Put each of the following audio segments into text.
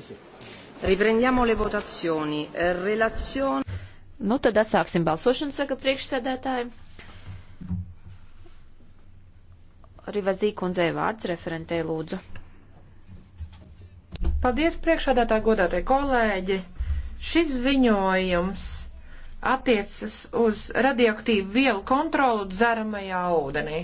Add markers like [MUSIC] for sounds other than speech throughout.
Sì, sì. Riprendiamo le votazioni. Eh, relazione. Nu, tad atsāksim balsošanu, saka priekšsēdētāji. Rivazī kundzei vārds referentē lūdzu. Paldies priekšādātāji, godātāji kolēģi. Šis ziņojums attiecas uz radioaktīvu vielu kontrolu dzeramajā ūdenī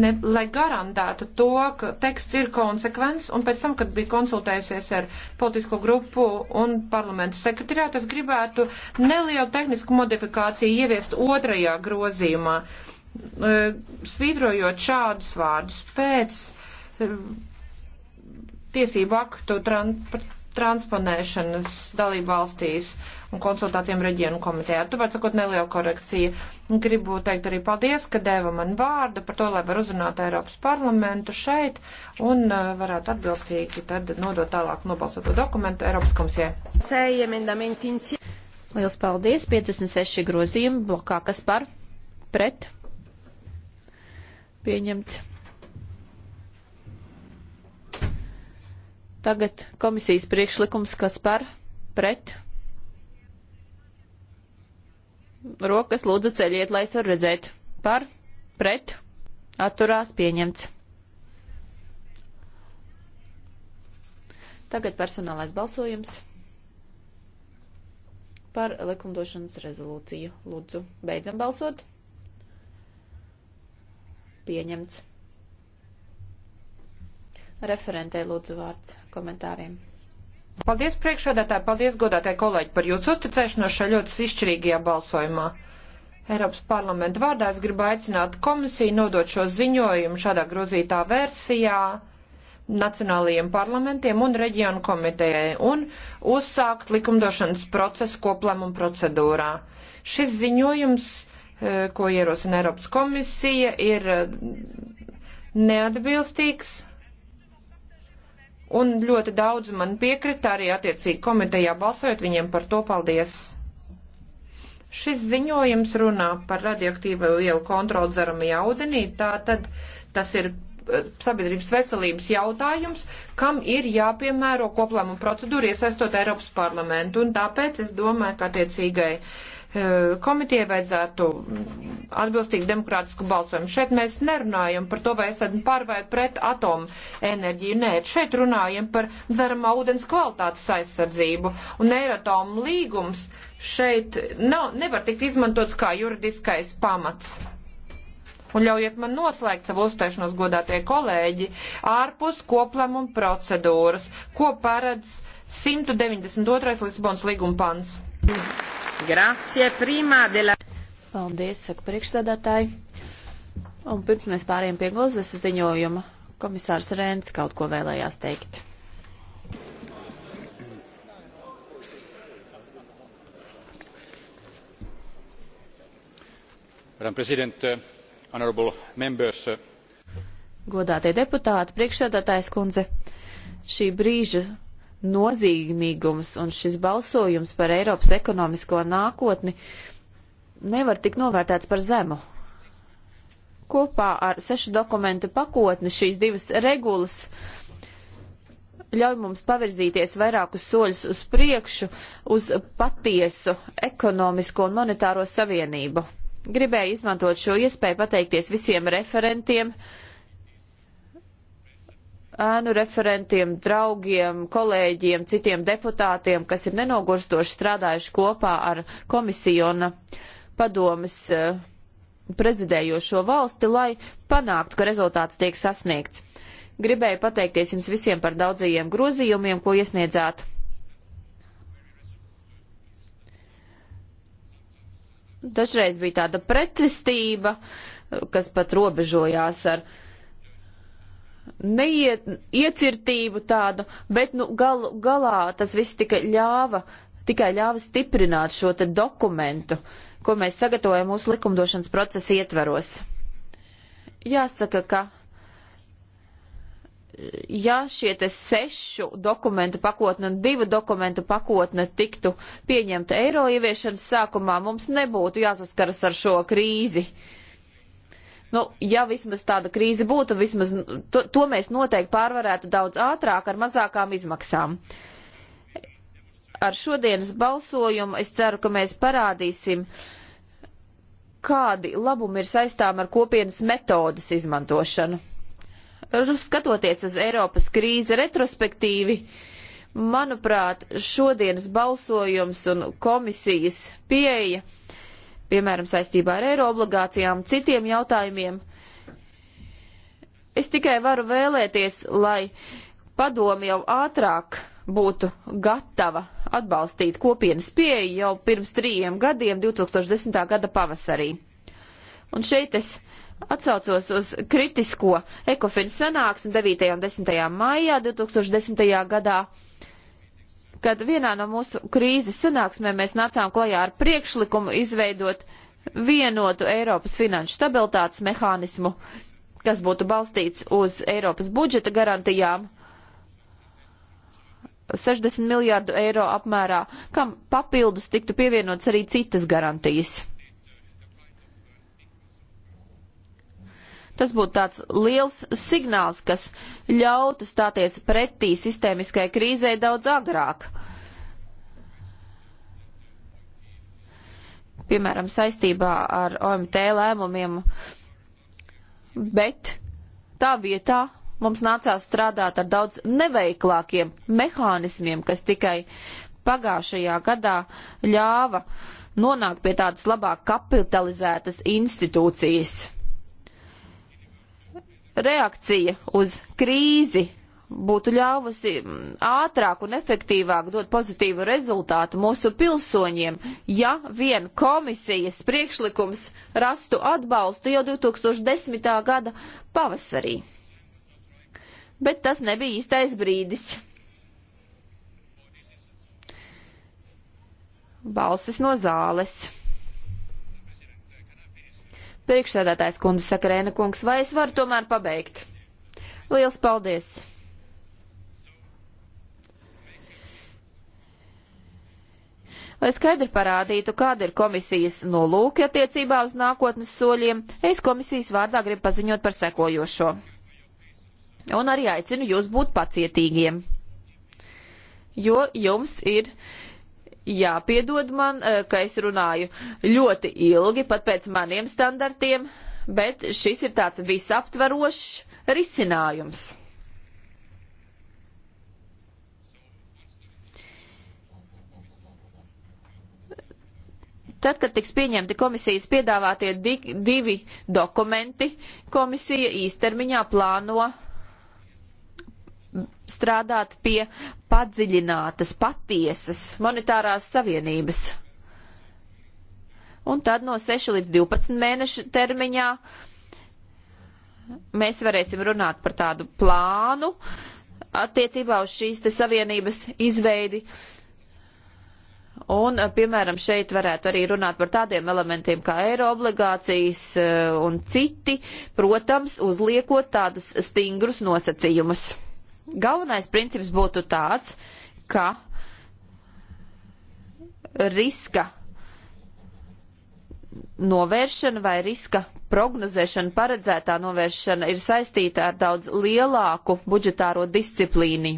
ne, lai garantētu to, ka teksts ir konsekvents, un pēc tam, kad bija konsultējusies ar politisko grupu un parlamentu sekretariātu, es gribētu nelielu tehnisku modifikāciju ieviest otrajā grozījumā, e, svītrojot šādus vārdus pēc e, tiesību aktu tran transponēšanas dalību valstīs un konsultācijām reģionu komitejā. Tu vari sakot nelielu korekciju. Gribu teikt arī paldies, ka deva man vārdu par to, lai var uzrunāt Eiropas parlamentu šeit un uh, varētu atbilstīgi tad nodot tālāk nobalsoto dokumentu Eiropas komisijai. Liels paldies! 56 grozījumi blokā, kas par pret pieņemts. Tagad komisijas priekšlikums, kas par pret pieņemts Rokas lūdzu ceļiet, lai es varu redzēt. Par, pret, atturās pieņemts. Tagad personālais balsojums par likumdošanas rezolūciju. Lūdzu, beidzam balsot. Pieņemts. Referentē lūdzu vārds komentāriem. Paldies priekšādātāji, paldies godātāji kolēģi par jūsu uzticēšanos šajā ļoti izšķirīgajā balsojumā. Eiropas parlamenta vārdā es gribu aicināt komisiju nodot šo ziņojumu šādā grozītā versijā nacionālajiem parlamentiem un reģionu komitejai un uzsākt likumdošanas procesu koplēmumu procedūrā. Šis ziņojums, eh, ko ierosina Eiropas komisija, ir eh, neatbilstīgs Un ļoti daudz man piekrita arī attiecīgi komitejā balsojot viņiem par to paldies. Šis ziņojums runā par radioaktīvo vielu kontroli dzeramajā ūdenī, tā tad tas ir eh, sabiedrības veselības jautājums, kam ir jāpiemēro koplēmuma procedūra iesaistot Eiropas parlamentu. Un tāpēc es domāju, ka attiecīgai uh, Eh, komitejai vajadzētu atbilstīgi demokrātisku balsojumu. Šeit mēs nerunājam par to, vai esat par vai pret atomu enerģiju. Nē, šeit runājam par dzeramā ūdens kvalitātes aizsardzību. Un Eiratomu līgums šeit nav, nevar tikt izmantots kā juridiskais pamats. Un ļaujiet man noslēgt savu uzstāšanos godātie kolēģi ārpus koplēmuma procedūras, ko paredz 192. Lisabonas līguma pants. Thank you. Grazie, prima della. Paldies, saka priekšsēdētāji. Un pirms mēs pāriem pie gozes ziņojuma, komisārs Rēns kaut ko vēlējās teikt. Madam President, honorable members. Uh, Godātie deputāti, priekšsēdētājs kundze, šī brīža nozīmīgums un šis balsojums par Eiropas ekonomisko nākotni nevar tik novērtēts par zemu. Kopā ar sešu dokumentu pakotni šīs divas regulas ļauj mums pavirzīties vairākus soļus uz priekšu uz patiesu ekonomisko un monetāro savienību. Gribēju izmantot šo iespēju pateikties visiem referentiem, uh, ēnu referentiem, draugiem, kolēģiem, citiem deputātiem, kas ir nenogurstoši strādājuši kopā ar komisiju un padomis eh, prezidējošo valsti, lai panāktu, ka rezultāts tiek sasniegts. Gribēju pateikties jums visiem par daudzajiem grozījumiem, ko iesniedzāt. Dažreiz bija tāda pretestība, eh, kas pat robežojās ar uh, neiet, iecirtību tādu, bet nu, gal, galā tas viss tika ļāva, tikai ļāva stiprināt šo te dokumentu, ko mēs sagatavojam mūsu likumdošanas procesa ietveros. Jāsaka, ka ja šie te sešu dokumentu pakotne un divu dokumentu pakotne tiktu pieņemta eiro ieviešanas sākumā, mums nebūtu jāsaskaras ar šo krīzi. Uh, Nu, ja vismaz tāda krīze būtu, vismaz to, to mēs noteikti pārvarētu daudz ātrāk ar mazākām izmaksām. Ar šodienas balsojumu es ceru, ka mēs parādīsim, kādi labumi ir saistām ar kopienas metodas izmantošanu. Skatoties uz Eiropas krīzi retrospektīvi, manuprāt, šodienas balsojums un komisijas pieeja uh, piemēram, saistībā ar eiro obligācijām, citiem jautājumiem. Es tikai varu vēlēties, lai padomi jau ātrāk būtu gatava atbalstīt kopienas pieeju jau pirms trījiem gadiem, 2010. gada pavasarī. Un šeit es atsaucos uz kritisko ekofinu sanāksmi 9. un 10. maijā 2010. gadā kad vienā no mūsu krīzes sanāksmēm mēs nācām klajā ar priekšlikumu izveidot vienotu Eiropas finanšu stabilitātes mehānismu, kas būtu balstīts uz Eiropas budžeta garantijām 60 miljārdu eiro apmērā, kam papildus tiktu pievienots arī citas garantijas. Tas būtu tāds liels signāls, kas ļautu stāties pretī sistēmiskai krīzē daudz agrāk. Piemēram, saistībā ar OMT lēmumiem, bet tā vietā mums nācās strādāt ar daudz neveiklākiem mehānismiem, kas tikai pagājušajā gadā ļāva nonākt pie tādas labāk kapitalizētas institūcijas reakcija uz krīzi būtu ļāvusi mm, ātrāk un efektīvāk dot pozitīvu rezultātu mūsu pilsoņiem, ja vien komisijas priekšlikums rastu atbalstu jau 2010. gada pavasarī. Bet tas nebija īstais brīdis. Balsis no zāles. Priekšsēdētājs kundze saka Rēna kungs, vai es varu tomēr pabeigt? Liels paldies! Lai skaidri parādītu, kāda ir komisijas nolūki attiecībā uz nākotnes soļiem, es komisijas vārdā gribu paziņot par sekojošo. Un arī aicinu jūs būt pacietīgiem, jo jums ir uh, jāpiedod man, eh, ka es runāju ļoti ilgi, pat pēc maniem standartiem, bet šis ir tāds visaptvarošs risinājums. Tad, kad tiks pieņemti komisijas piedāvātie di divi dokumenti, komisija īstermiņā plāno strādāt pie padziļinātas, patiesas monetārās savienības. Un tad no 6 līdz 12 mēnešu termiņā mēs varēsim runāt par tādu plānu attiecībā uz šīs te savienības izveidi. Un, piemēram, šeit varētu arī runāt par tādiem elementiem kā eiro obligācijas eh, un citi, protams, uzliekot tādus stingrus nosacījumus. Galvenais princips būtu tāds, ka riska novēršana vai riska prognozēšana, paredzētā novēršana ir saistīta ar daudz lielāku budžetāro disciplīnu.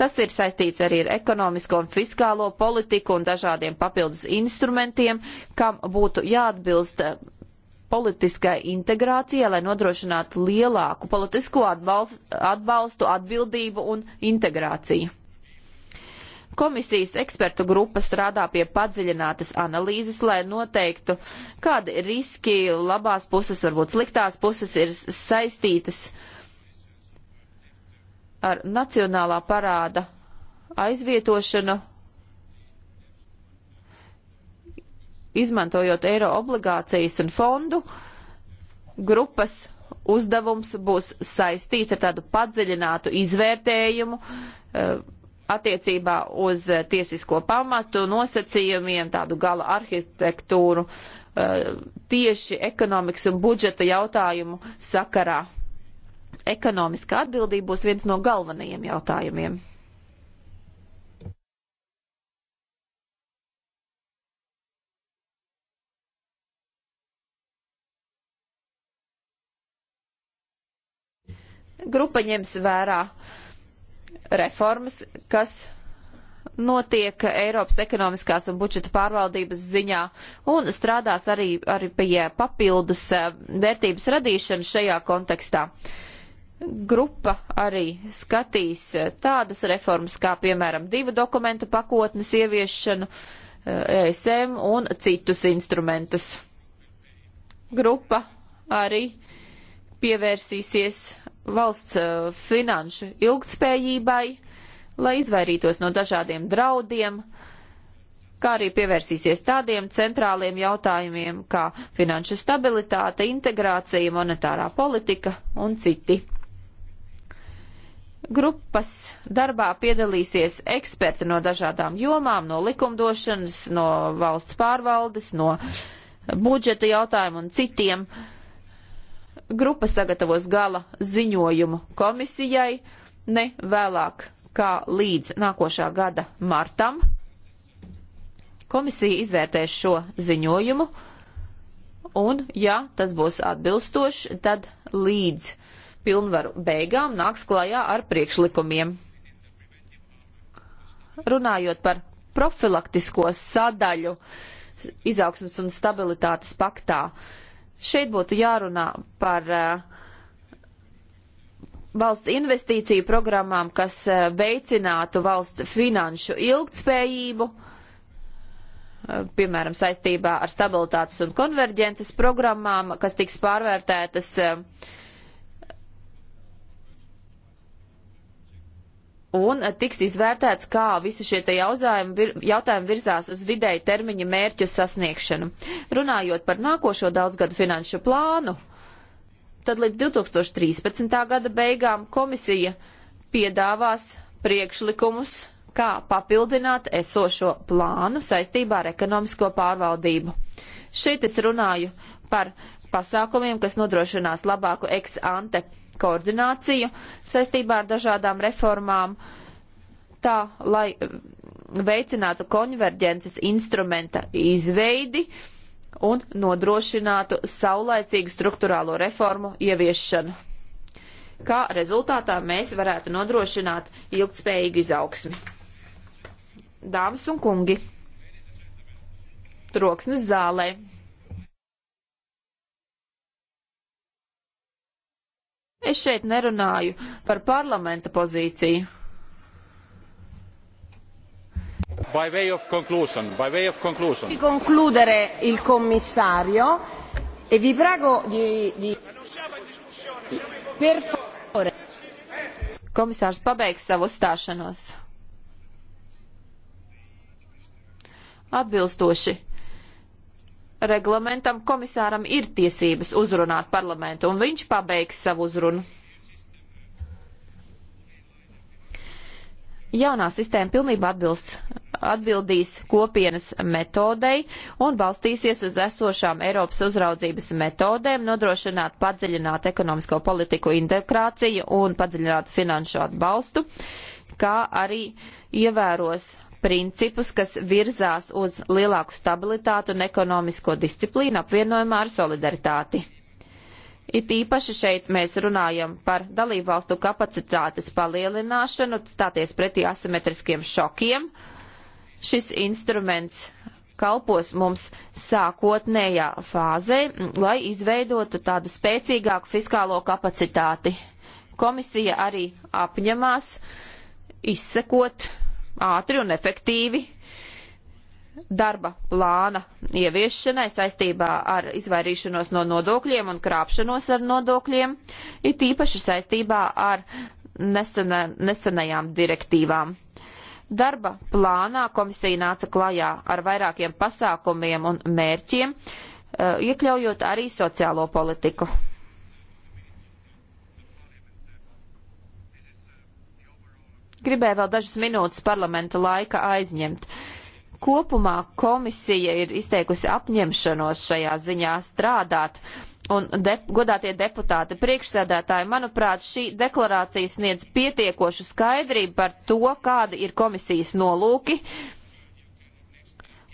Tas ir saistīts arī ar ekonomisko un fiskālo politiku un dažādiem papildus instrumentiem, kam būtu jāatbilst politiskai integrācijai, lai nodrošinātu lielāku politisko atbalstu, atbalstu atbildību un integrāciju. Komisijas ekspertu grupa strādā pie padziļinātas analīzes, lai noteiktu, kādi riski labās puses, varbūt sliktās puses ir saistītas ar nacionālā parāda aizvietošanu izmantojot eiro obligācijas un fondu, grupas uzdevums būs saistīts ar tādu padziļinātu izvērtējumu eh, attiecībā uz tiesisko pamatu, nosacījumiem, tādu gala arhitektūru eh, tieši ekonomikas un budžeta jautājumu sakarā. Ekonomiskā atbildība būs viens no galvenajiem jautājumiem. grupa ņems vērā reformas, kas notiek Eiropas ekonomiskās un budžeta pārvaldības ziņā un strādās arī, arī pie papildus eh, vērtības radīšanas šajā kontekstā. Grupa arī skatīs eh, tādas reformas kā, piemēram, divu dokumentu pakotnes ieviešanu, ESM eh, e un citus instrumentus. Grupa arī pievērsīsies valsts eh, finanšu ilgtspējībai, lai izvairītos no dažādiem draudiem, kā arī pievērsīsies tādiem centrāliem jautājumiem kā finanšu stabilitāte, integrācija, monetārā politika un citi. Grupas darbā piedalīsies eksperti no dažādām jomām, no likumdošanas, no valsts pārvaldes, no budžeta jautājumu un citiem. Uh, grupa sagatavos gala ziņojumu komisijai ne vēlāk kā līdz nākošā gada martam. Komisija izvērtēs šo ziņojumu, un, ja tas būs atbilstošs, tad līdz pilnvaru beigām nāks klajā ar priekšlikumiem. Runājot par profilaktisko sadaļu izaugsmas un stabilitātes paktā, uh, Šeit būtu jārunā par eh, valsts investīciju programmām, kas eh, veicinātu valsts finanšu ilgtspējību, eh, piemēram, saistībā ar stabilitātes un konverģences programmām, kas tiks pārvērtētas uh, un tiks izvērtēts, kā visi šie jautājumi virzās uz vidēju termiņa mērķu sasniegšanu. Runājot par nākošo daudzgadu finanšu plānu, tad līdz 2013. gada beigām komisija piedāvās priekšlikumus, kā papildināt esošo plānu saistībā ar ekonomisko pārvaldību. Šeit es runāju par pasākumiem, kas nodrošinās labāku ex ante koordināciju saistībā ar dažādām reformām, tā lai mm, veicinātu konverģences instrumenta izveidi un nodrošinātu saulaicīgu struktūrālo reformu ieviešanu. Kā rezultātā mēs varētu nodrošināt ilgtspējīgu izaugsmi. Dāmas un kungi, troksnes zālē Es šeit nerunāju par parlamenta pozīciju. By way of conclusion, by way of conclusion. Di concludere il commissario e vi prego di, di... per favore. Komisārs pabeigs savu stāšanos. Atbilstoši reglamentam komisāram ir tiesības uzrunāt parlamentu, un viņš pabeigs savu uzrunu. Jaunā sistēma pilnībā atbilst, atbildīs kopienas metodei un balstīsies uz esošām Eiropas uzraudzības metodēm, nodrošināt padziļināt ekonomisko politiku integrāciju un padziļināt finanšu atbalstu, kā arī ievēros principus, kas virzās uz lielāku stabilitātu un ekonomisko disciplīnu apvienojumā ar solidaritāti. It īpaši šeit mēs runājam par dalībvalstu kapacitātes palielināšanu, stāties pretī asimetriskiem šokiem. Šis instruments kalpos mums sākotnējā fāzē, lai izveidotu tādu spēcīgāku fiskālo kapacitāti. Komisija arī apņemās izsekot ātri un efektīvi darba plāna ieviešanai saistībā ar izvairīšanos no nodokļiem un krāpšanos ar nodokļiem, ir tīpaši saistībā ar nesena, nesenajām direktīvām. Darba plānā komisija nāca klajā ar vairākiem pasākumiem un mērķiem, eh, iekļaujot arī sociālo politiku. Gribēju vēl dažas minūtes parlamenta laika aizņemt. Kopumā komisija ir izteikusi apņemšanos šajā ziņā strādāt. Un de, godātie deputāti, priekšsēdētāji, manuprāt, šī deklarācija sniedz pietiekošu skaidrību par to, kādi ir komisijas nolūki.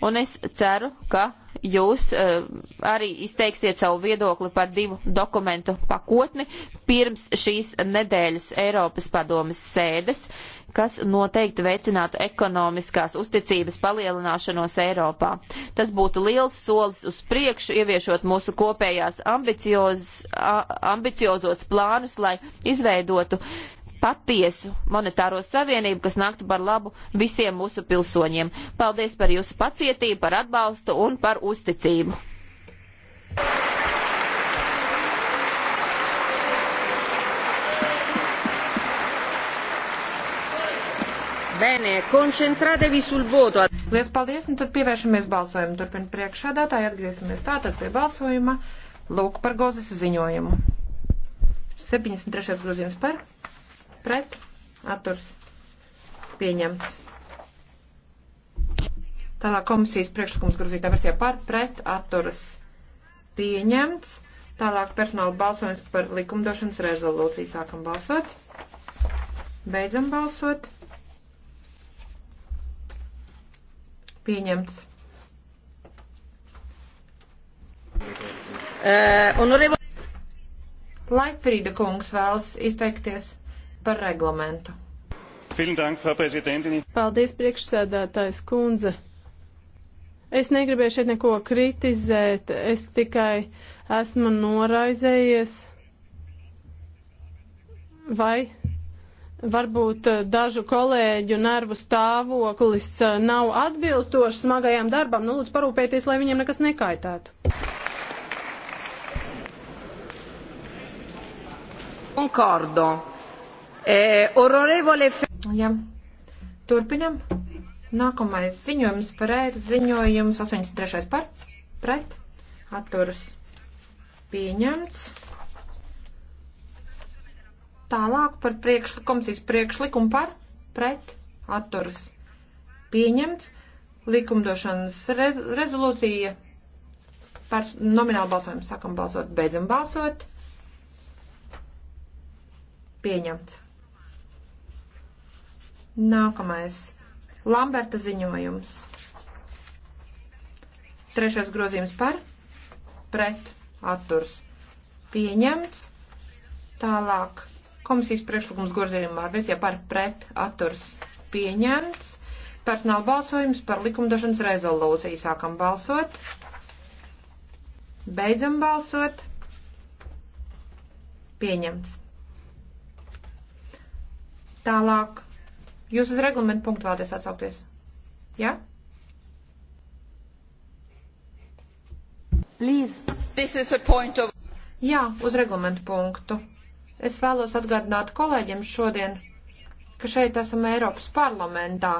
Un es ceru, ka jūs uh, arī izteiksiet savu viedokli par divu dokumentu pakotni pirms šīs nedēļas Eiropas padomas sēdes. Uh, kas noteikti veicinātu ekonomiskās uzticības palielināšanos Eiropā. Tas būtu liels solis uz priekšu, ieviešot mūsu kopējās ambicioz, ambiciozos plānus, lai izveidotu patiesu monetāro savienību, kas nāktu par labu visiem mūsu pilsoņiem. Paldies par jūsu pacietību, par atbalstu un par uzticību. Bene, koncentrētevi sul voto. Lies paldies, un nu tad pievēršamies balsojumu. Turpin priekšādātāji atgriezīsimies tātad pie balsojuma. Lūk par gozes ziņojumu. 73. grozījums par, pret, atturs, pieņemts. Tālāk komisijas priekšlikums grozītā versijā par, pret, atturs, pieņemts. Tālāk personāla balsojums par likumdošanas rezolūciju. Sākam balsot. Beidzam balsot. Pieņemts. Uh, eh, Laipfrīda kungs vēlas izteikties par reglamentu. Paldies, priekšsēdētājs kundze. Es negribēju šeit neko kritizēt, es tikai esmu noraizējies. Vai Varbūt eh, dažu kolēģu nervu stāvoklis eh, nav atbilstošs smagajām darbām. Nu, lūdzu, parūpēties, lai viņiem nekas nekaitētu. Concordo. E, eh, ororevole... Ja. Turpinam. Nākamais ziņojums par ēru ziņojums 83. par pret atturus pieņemts. Tālāk par priekšli, komisijas priekšlikumu par pret atturas pieņemts. Likumdošanas re, rezolūcija par nominālu balsojumu sākam balsot, beidzam balsot. Pieņemts. Nākamais. Lamberta ziņojums. Trešais grozījums par pret atturs. Pieņemts. Tālāk Komisijas priekšlikums grozījumā bez ja par pret atturs pieņemts. Personāla balsojums par likumdošanas rezolūciju. Sākam balsot. Beidzam balsot. Pieņemts. Tālāk. Jūs uz reglamentu punktu vēlaties atsaukties? Jā? Ja? Please, this is a point of... Jā, uz reglamentu punktu. Es vēlos atgādināt kolēģiem šodien, ka šeit esam Eiropas parlamentā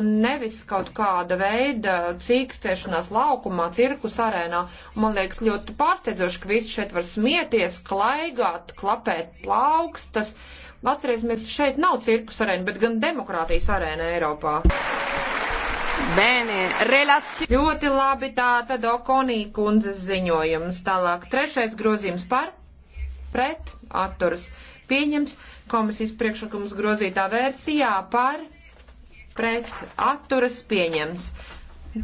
un nevis kaut kāda veida cīkstēšanās laukumā, cirkus arēnā. Man liekas ļoti pārsteidzoši, ka visi šeit var smieties, klaigāt, klapēt plaukstas. Atcerēsimies, šeit nav cirkus arēna, bet gan demokrātijas arēna Eiropā. Bene, relaci... Ļoti labi tā tad Okonī kundzes ziņojums. Tālāk trešais grozījums par pret atturas pieņems. Komisijas priekšlikums grozītā versijā par pret atturas pieņems.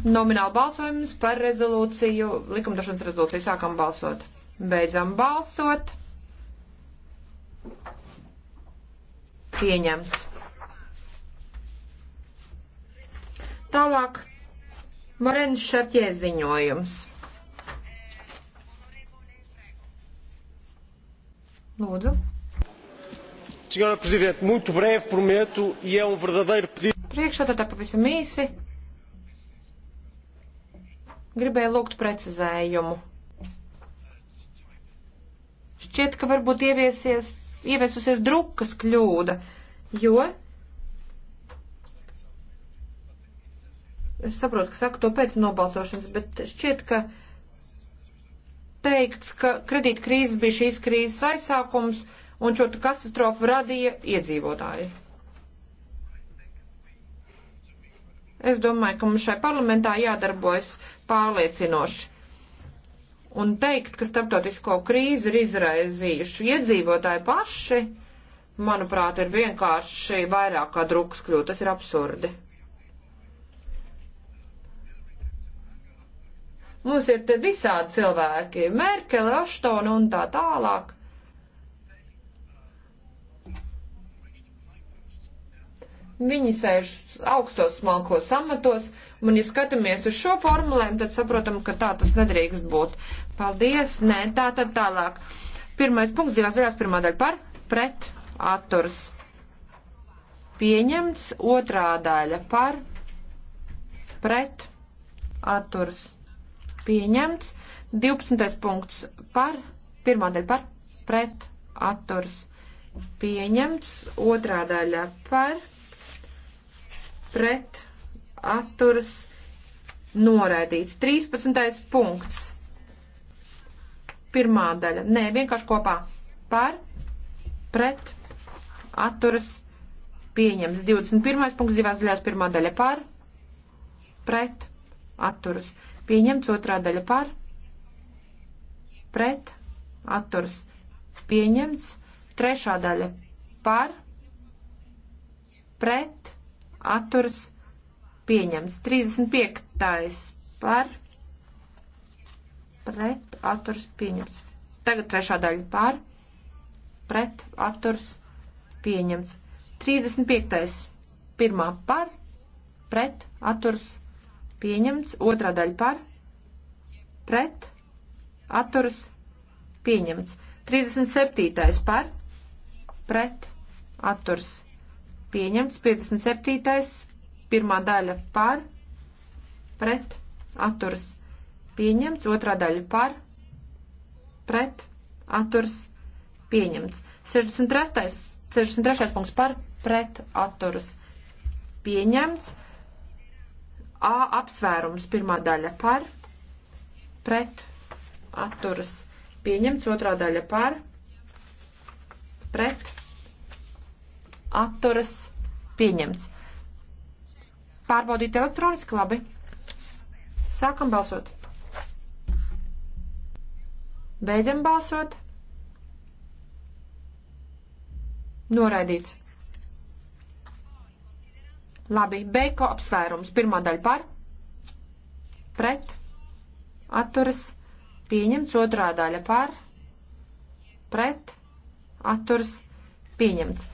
Nomināli balsojums par rezolūciju, likumdošanas rezolūciju. Sākam balsot. Beidzam balsot. Pieņemts. Tālāk Morens Šarķē ziņojums. Lūdzu. Senhora Presidente, muito breve, prometo, e é um verdadeiro pedido. Priekšsēdētāj pavisam īsi. Gribēju lūgt precizējumu. Šķiet, ka varbūt ieviesies, ieviesusies drukas kļūda, jo es saprotu, ka saku to pēc nobalsošanas, bet šķiet, ka teikts, ka kredītkrīze bija šīs krīzes aizsākums un šo katastrofu radīja iedzīvotāji. Es domāju, ka mums šai parlamentā jādarbojas pārliecinoši. Un teikt, ka starptautisko krīzi ir izraizījuši iedzīvotāji paši, manuprāt, ir vienkārši vairāk kā drukas kļūt. Tas ir absurdi. Mums ir te visādi cilvēki - Merkele, Aštona un tā tālāk. Viņi sēž augstos smalkos amatos, un, ja skatāmies uz šo formulēm, tad saprotam, ka tā tas nedrīkst būt. Paldies, nē, tā tad tālāk. Pirmais punkts, divās daļās, pirmā daļa par, pret, atturs. Pieņemts, otrā daļa par, pret, atturs pieņemts. 12. punkts par, pirmā daļa par, pret, atturs pieņemts, otrā daļa par, pret, atturs noraidīts. 13. punkts. Pirmā daļa. Nē, vienkārši kopā par, pret, atturas pieņems. 21. punkts divās daļās. Pirmā daļa par, pret, atturas pieņems Pieņemts otrā daļa par, pret, atturs. Pieņemts trešā daļa par, pret, atturs. Pieņemts 35. par, pret, atturs. Pieņemts. Tagad trešā daļa par, pret, atturs. Pieņemts. 35. pirmā par, pret, atturs pieņemts, otrā daļa par, pret, atturas, pieņemts. 37. par, pret, atturas, pieņemts. 57. pirmā daļa par, pret, atturas, pieņemts, otrā daļa par, pret, atturas, pieņemts. 63. 63. punkts par, pret, atturas, pieņemts. A apsvērums pirmā daļa par, pret, atturas pieņemts, otrā daļa par, pret, atturas pieņemts. Pārbaudīt elektroniski labi. Sākam balsot. Beidzam balsot. Noraidīts. Labi, beko apsvērums. Pirmā daļa par, pret, atturas, pieņemts. Otrā daļa par, pret, atturas, pieņemts.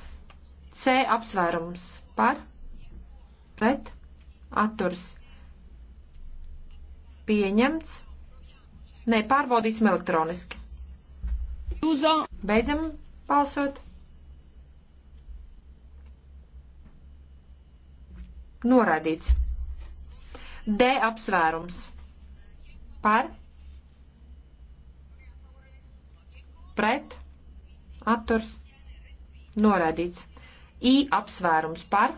C apsvērums par, pret, atturas, pieņemts. Nē, pārbaudīsim elektroniski. Beidzam balsot. Noraidīts. D apsvērums. Par. Pret. Atturs. Noraidīts. I apsvērums par.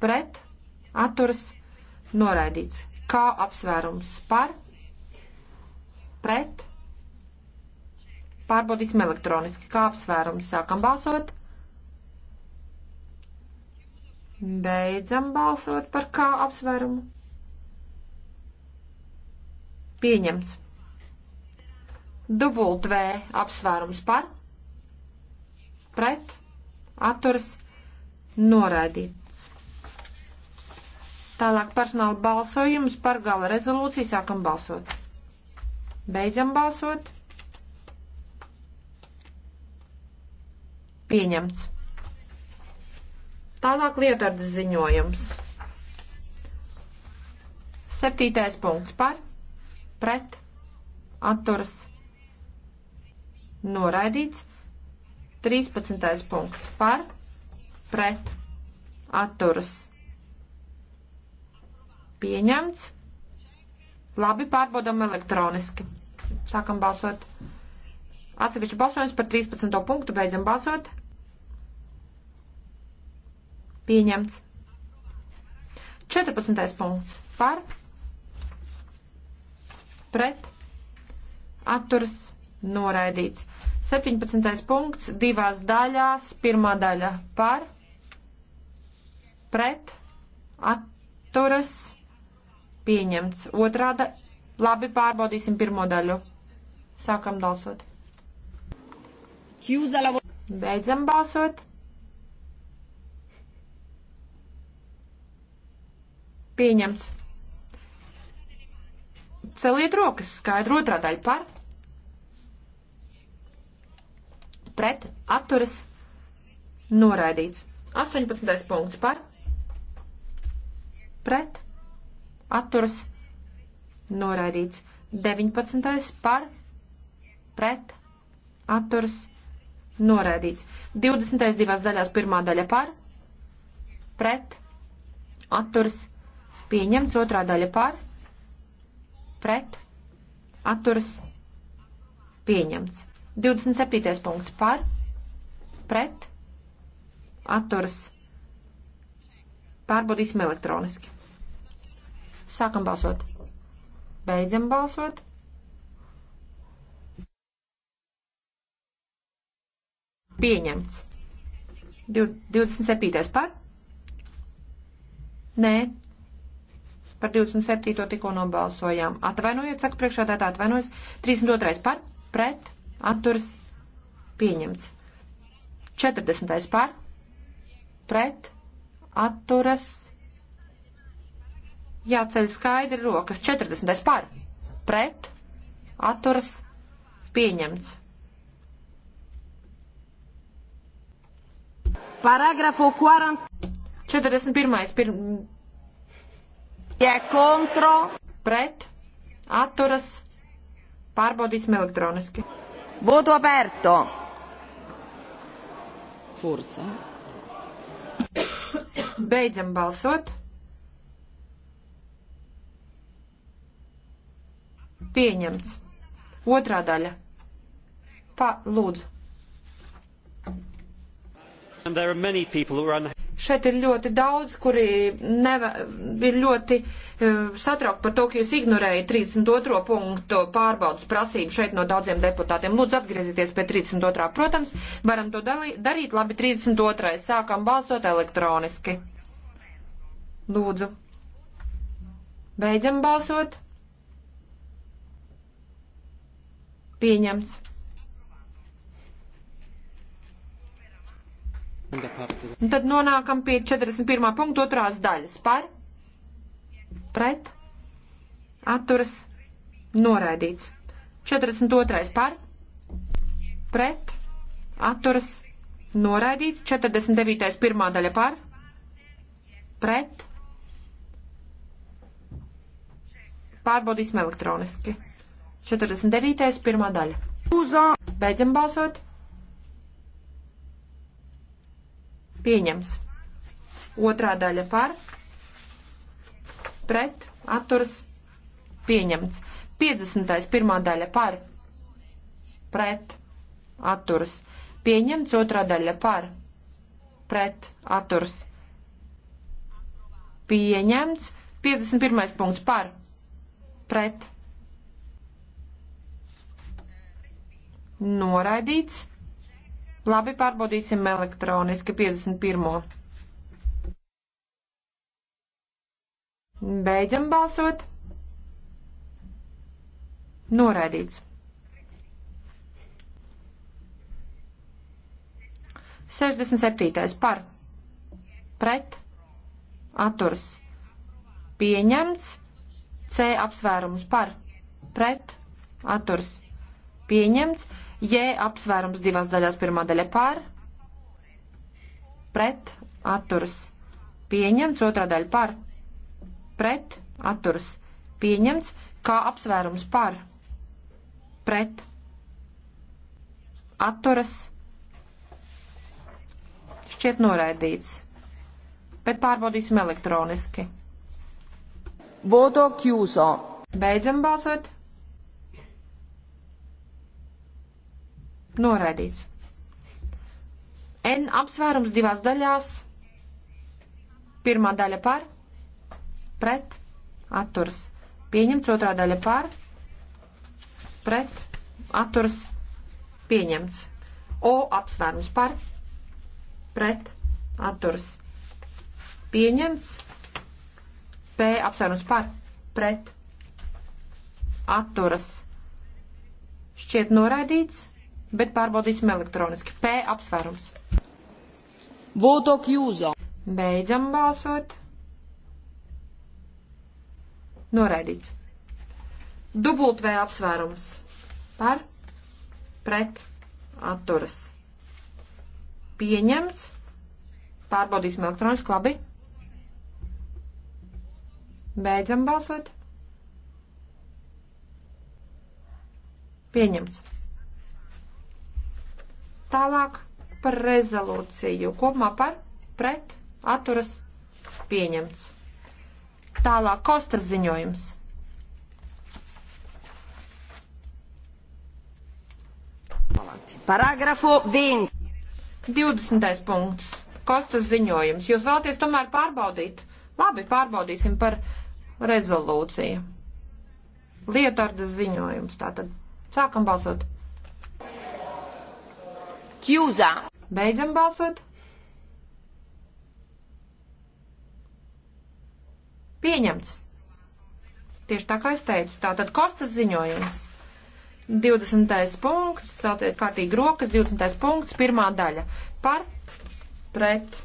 Pret. Atturs. Noraidīts. K apsvērums par. Pret. Pārbaudīsim elektroniski. K apsvērums. Sākam balsot. Beidzam balsot par kā apsvērumu. Pieņemts. Dubult V apsvērums par, pret, atturs, noraidīts. Tālāk personāla balsojums par gala rezolūciju sākam balsot. Beidzam balsot. Pieņemts. Tālāk lietardas ziņojums. Septītais punkts par, pret, atturas, noraidīts. Trīspadsmitais punkts par, pret, atturas, pieņemts. Labi, pārbaudam elektroniski. Sākam balsot. Atsevišķi balsojums par 13. punktu, beidzam balsot. Pieņemts. 14. punkts. Par. Pret. Atturs. Noraidīts. 17. punkts. Divās daļās. Pirmā daļa. Par. Pret. Atturas. Pieņemts. Otrā daļa. Labi, pārbaudīsim pirmo daļu. Sākam balsot. Beidzam balsot. Pieņemts. Celiet rokas skaidru otrā daļa par. Pret atturas noraidīts. 18. punkts par. Pret atturas noraidīts. 19. par. Pret atturas noraidīts. 20. divās daļās pirmā daļa par. Pret atturas noraidīts Pieņemts otrā daļa par, pret, atturas, pieņemts. 27. punkts par, pret, atturas, pārbaudīsim elektroniski. Sākam balsot. Beidzam balsot. Pieņemts. 27. par? Nē, Par 27. tikko nobalsojām. Atvainojiet, saka priekšādātā atvainojas. 32. par, pret, atturs, pieņemts. 40. par, pret, atturas, jāceļ skaidri rokas. 40. par, pret, atturas, pieņemts. Paragrafu 40. 41. Pir... Pret. Atturas. Pārbaudīsim elektroniski. Voto aperto. Forza. Beidzam balsot. Pieņemts. Otrā daļa. Pa, lūdzu. And there are many people who are Šeit ir ļoti daudz, kuri neve, ir ļoti uh, satraukti par to, ka jūs ignorējat 32. punktu pārbaudas prasību šeit no daudziem deputātiem. Lūdzu, atgriezieties pie 32. Protams, varam to darīt. Labi, 32. Sākam balsot elektroniski. Lūdzu. Beidzam balsot. Pieņemts. Un tad nonākam pie 41. punktu otrās daļas par, pret, atturas, noraidīts. 42. par, pret, atturas, noraidīts. 49. pirmā daļa par, pret, pārbaudīsim elektroniski. 49. pirmā daļa. Uzā! Beidzam balsot! Pieņems. Otrā daļa par. Pret. Atturs. Pieņemts. 50. pirmā daļa par. Pret. Atturs. Pieņemts. Otrā daļa par. Pret. Atturs. Pieņemts. 51. punkts par. Pret. Noraidīts. Labi, pārbaudīsim elektroniski 51. Beidzam balsot. Noraidīts. 67. par pret atturs pieņemts C apsvērums par pret atturs pieņemts J apsvērums divās daļās. Pirmā daļa par, pret, atturas, pieņemts. Otrā daļa par, pret, atturas, pieņemts. K apsvērums par, pret, atturas, šķiet noraidīts. Bet pārbaudīsim elektroniski. Voto chiuso. Beidzam balsot. Noraidīts. N apsvērums divās daļās. Pirmā daļa par, pret, atturas. Pieņemts otrā daļa par, pret, atturas. Pieņemts. O apsvērums par, pret, atturas. Pieņemts. P apsvērums par, pret, atturas. Šķiet noraidīts bet pārbaudīsim elektroniski. P apsvērums. Voto kjūzo. Beidzam balsot. Noraidīts. Dubult V apsvērums. Par, pret, atturas. Pieņemts. Pārbaudīsim elektroniski labi. Beidzam balsot. Pieņemts. Tālāk par rezolūciju. Kopumā par pret atturas pieņemts. Tālāk Kostas ziņojums. Parāgrafu 20. 20. punkts. Kostas ziņojums. Jūs vēlaties tomēr pārbaudīt? Labi, pārbaudīsim par rezolūciju. Lietardas ziņojums. Tātad sākam balsot. Chiusa. Beidzam balsot. Pieņemts. Tieši tā kā es teicu, tā tad Kostas ziņojums. 20. punkts, celtiet kārtīgi rokas, 20. punkts, pirmā daļa par, pret,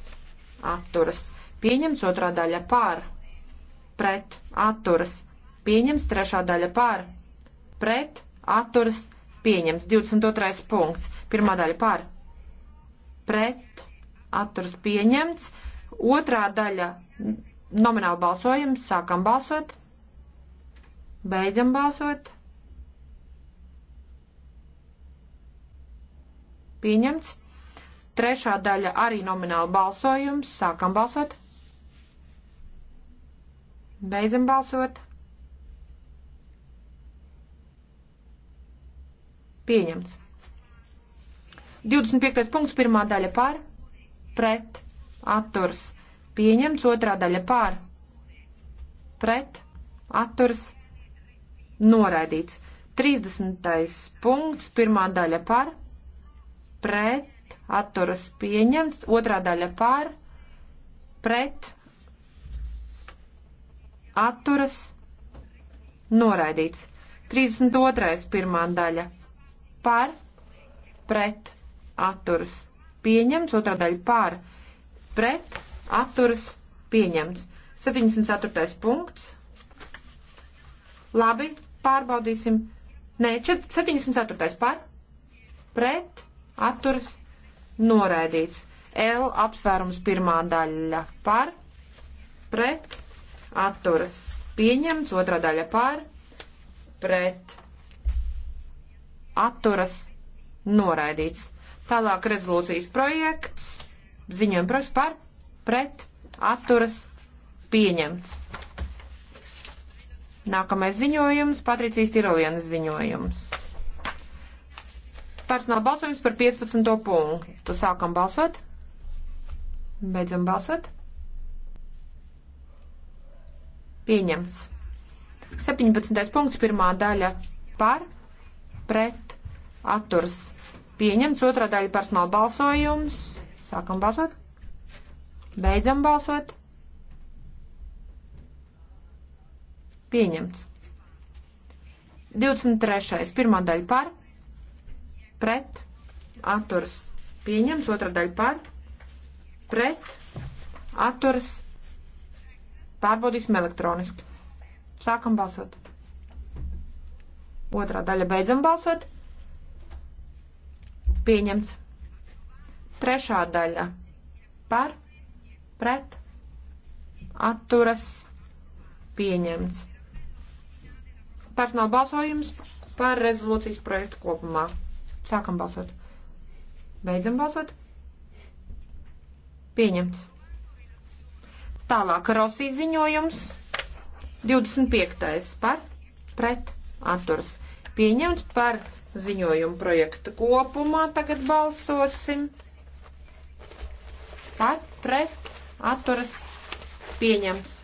atturas. Pieņemts otrā daļa par, pret, atturas. Pieņemts trešā daļa par, pret, atturas pieņemts. 22. punkts. Pirmā daļa par. Pret. Atturs pieņemts. Otrā daļa nomināli balsojums. Sākam balsot. Beidzam balsot. Pieņemts. Trešā daļa arī nomināli balsojums. Sākam balsot. Beidzam balsot. Pieņemts. 25. punkts, pirmā daļa par, pret, atturs, pieņemts, otrā daļa par, pret, atturs, noraidīts. 30. punkts, pirmā daļa par, pret, atturs, pieņemts, otrā daļa par, pret, atturs, noraidīts. 32. pirmā daļa par, pret, atturas, pieņemts, otrā daļa par, pret, atturas, pieņemts. 74. punkts. Labi, pārbaudīsim. Nē, 74. par, pret, atturas, noraidīts. L apsvērums pirmā daļa par, pret, atturas, pieņemts, otrā daļa par, pret, atturas noraidīts. Tālāk rezolūcijas projekts, ziņojuma projekts par, pret, atturas pieņemts. Nākamais ziņojums - Patricijas Tirolienas ziņojums. Personāla balsojums par 15. punktu. Sākam balsot. Beidzam balsot. Pieņemts. 17. punkts, pirmā daļa par pret atturs pieņemts. Otrā daļa personāla balsojums. Sākam balsot. Beidzam balsot. Pieņemts. 23. Pirmā daļa par, pret, atturas, pieņemts. Otra daļa par, pret, atturas, pārbaudīsim elektroniski. Sākam balsot. Otrā daļa beidzam balsot. Pieņemts. Trešā daļa par, pret, atturas, pieņemts. Personāla balsojums par rezolūcijas projektu kopumā. Sākam balsot. Beidzam balsot. Pieņemts. Tālāk Rosī ziņojums 25. par pret atturas pieņemts par ziņojumu projektu kopumā. Tagad balsosim par pret atturas pieņemts.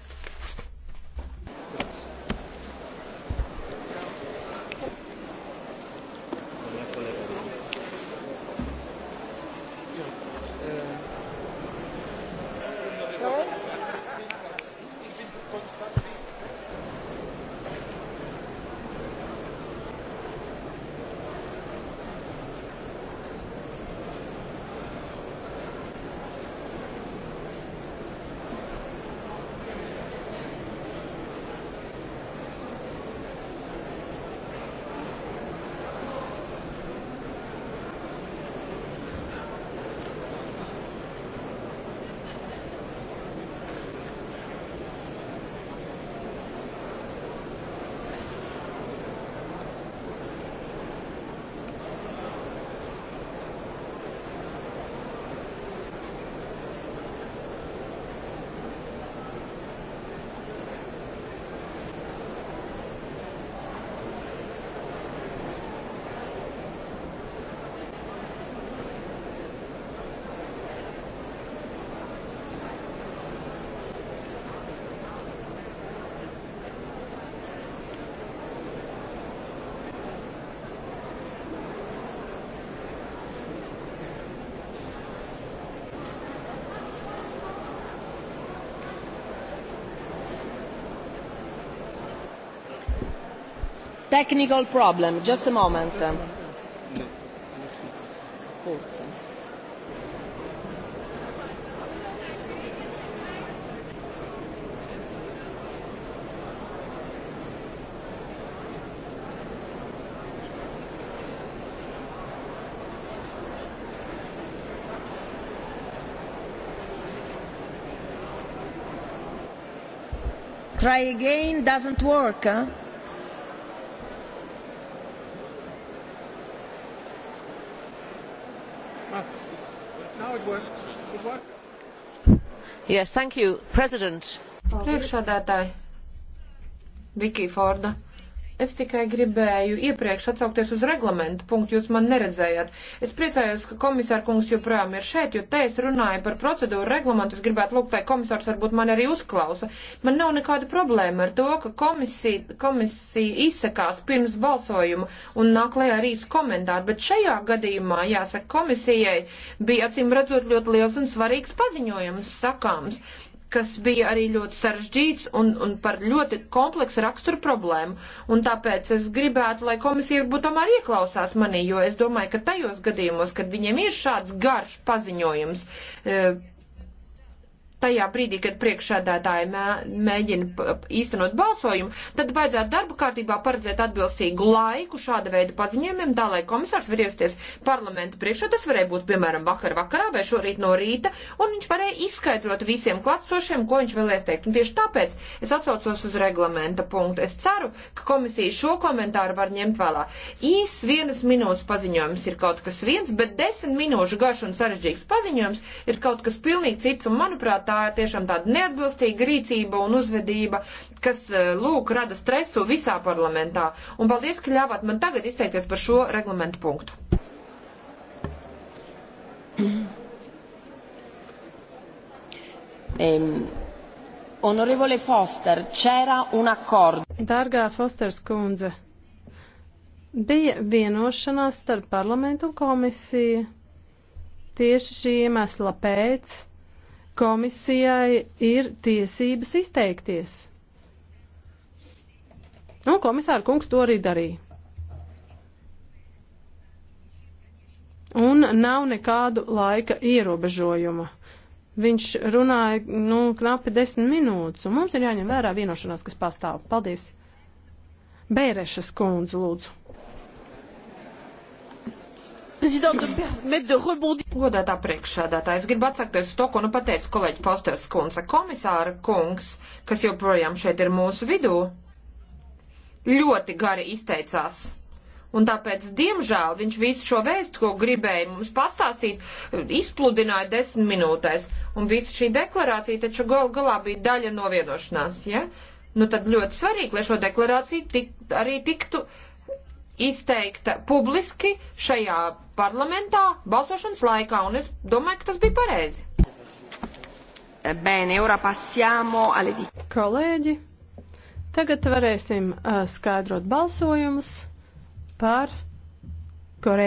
Technical problem, just a moment. Forse. Try again, doesn't work, huh? Eh? Yes, thank you, President. Priekšādātāji, Viki Forda. Es tikai gribēju iepriekš atsaukties uz reglamentu punktu, jūs man neredzējāt. Es priecājos, ka komisāra kungs joprojām ir šeit, jo te es runāju par procedūru reglamentu. Es gribētu lūgt, lai komisārs varbūt man arī uzklausa. Man nav nekāda problēma ar to, ka komisija, komisija izsakās pirms balsojuma un nāk lejā arī komentāri, bet šajā gadījumā, jāsaka, komisijai bija acīm redzot ļoti liels un svarīgs paziņojums sakāms kas bija arī ļoti sarežģīts un, un par ļoti kompleksu raksturu problēmu. Un tāpēc es gribētu, lai komisija varbūt tomēr ieklausās manī, jo es domāju, ka tajos gadījumos, kad viņiem ir šāds garš paziņojums, eh, tajā brīdī, kad priekšādātāji mē, mēģina īstenot balsojumu, tad vajadzētu darba kārtībā paredzēt atbilstīgu laiku šāda veida paziņojumiem, tā lai komisārs var ierasties parlamentu priekšā. Tas varēja būt, piemēram, vakar vakarā vai šorīt no rīta, un viņš varēja izskaidrot visiem klātsošiem, ko viņš vēlēs teikt. Un tieši tāpēc es atsaucos uz reglamenta punktu. Es ceru, ka komisija šo komentāru var ņemt vēlā. Īss vienas minūtes paziņojums ir kaut kas viens, bet desmit minūšu garš un sarežģīts paziņojums ir kaut kas pilnīgi cits, un manuprāt, tā ir tiešām tāda neatbilstīga rīcība un uzvedība, kas, eh, lūk, rada stresu visā parlamentā. Un paldies, ka ļāvāt man tagad izteikties par šo reglamentu punktu. Um. [CLEARS THROAT] Onorevole Foster, c'era un accordo. Dārgā Fosters kundze, bija vienošanās starp parlamentu un komisiju tieši šī iemesla pēc Komisijai ir tiesības izteikties. Un komisāra kungs to arī darīja. Un nav nekādu laika ierobežojuma. Viņš runāja, nu, knapi desmit minūtes, un mums ir jāņem vērā vienošanās, kas pastāv. Paldies! Bērešas kundze, lūdzu! Godātā priekšsēdētāja, es gribu atsakties uz to, ko nu pateica kolēģi Fosters kundze. Komisāra kungs, kas joprojām šeit ir mūsu vidū, ļoti gari izteicās. Un tāpēc, diemžēl, viņš visu šo vēstu, ko gribēja mums pastāstīt, izpludināja desmit minūtēs. Un visa šī deklarācija taču gal galā bija daļa no vienošanās, ja? Nu tad ļoti svarīgi, lai šo deklarāciju tik, arī tiktu uh, izteikta publiski šajā parlamentā balsošanas laikā, un es domāju, ka tas bija pareizi. Bene, ora passiamo alle di. Kolēģi, tagad varēsim uh, skaidrot balsojumus par